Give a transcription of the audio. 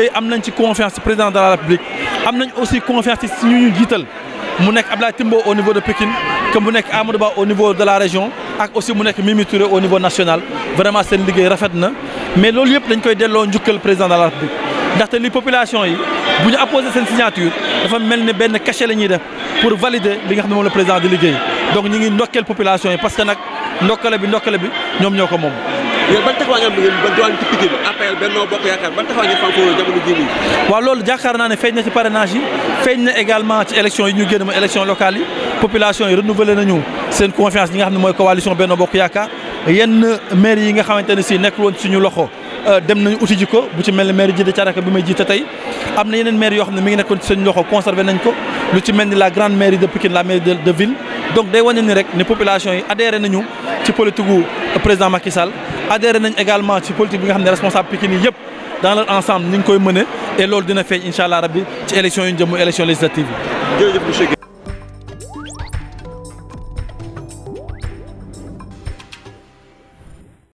tey am nañ ci confiance ci président de la république am nañ aussi confiance ci si ñu jiital mu nekk Abdoulaye Timbo au niveau de Pikine que mu nekk Amadou au niveau de la région ak aussi mu nekk Mimi Touré au niveau national vraiment seen liggéey rafet na mais loolu yëpp dañ koy delloo njukkal président de la république ndaxte li population yi bu ñu apposé seen signature dafa mel ni benn cachet la ñuy def pour valide bi nga xam ne moom la président di liggéey ngi ndokkeel population yi parce que nag ndokkale bi ndokkale bi ñoom ñoo ko moom yéen ban taxawaay nga am ngeen ban diwaan ci Pikine APL Bokk Yaakaar ban taxawaay ngeen fànn foofu jamono loolu jàkkaar naa ne feeñ na ci parrainage yi feeñ na également ci élection yi ñu génn mooy élection locale yi population yi renouvelé nañu seen confiance ñi nga xam ne mooy coalition Benno Bokk Yaakaar yenn maire yi nga xamante ne si nekkul woon suñu loxo euh, dem nañu uti ko bu ci mel ne maire jiite Thiaraka bi may jiite tey am na yeneen maire loxo conservé nañ ko lu ci mel ni donc day wane ni rek ne population yi adhéré nañu ci politique gu président Macky Sall adhéré également ci politique bi nga xam ne responsable Pikine yëpp dans leur ensemble ñu ngi koy mëne et loolu dina feeñ incha allah rabbi ci élection yu ñu jëm élection législative